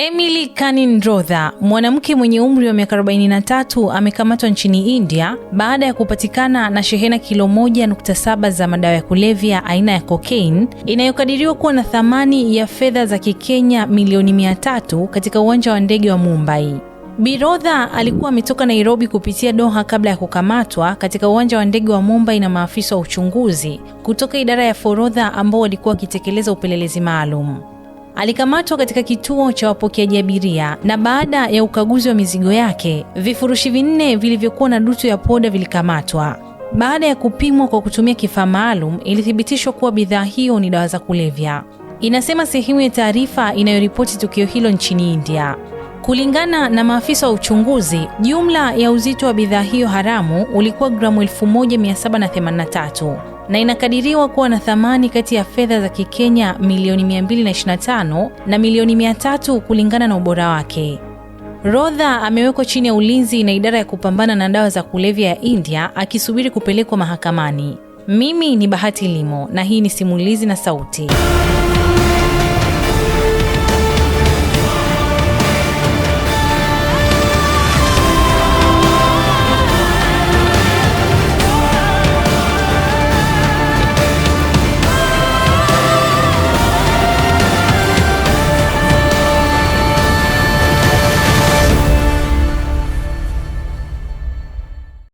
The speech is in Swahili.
Emily Kanindrodha, mwanamke mwenye umri wa miaka 43, amekamatwa nchini India baada ya kupatikana na shehena kilo 1.7 za madawa ya kulevya aina ya cocaine inayokadiriwa kuwa na thamani ya fedha za Kikenya milioni 300 katika uwanja wa ndege wa Mumbai. Birodha alikuwa ametoka Nairobi kupitia Doha kabla ya kukamatwa katika uwanja wa ndege wa Mumbai na maafisa wa uchunguzi kutoka idara ya forodha ambao walikuwa wakitekeleza upelelezi maalum alikamatwa katika kituo cha wapokeaji abiria na baada ya ukaguzi wa mizigo yake, vifurushi vinne vilivyokuwa na dutu ya poda vilikamatwa. Baada ya kupimwa kwa kutumia kifaa maalum, ilithibitishwa kuwa bidhaa hiyo ni dawa za kulevya, inasema sehemu ya taarifa inayoripoti tukio hilo nchini India. Kulingana na maafisa wa uchunguzi, jumla ya uzito wa bidhaa hiyo haramu ulikuwa gramu 1783 na inakadiriwa kuwa na thamani kati ya fedha za Kikenya milioni 225 na milioni 300 kulingana na ubora wake. Rodha amewekwa chini ya ulinzi na idara ya kupambana na dawa za kulevya ya India akisubiri kupelekwa mahakamani. Mimi ni Bahati Limo na hii ni Simulizi na Sauti.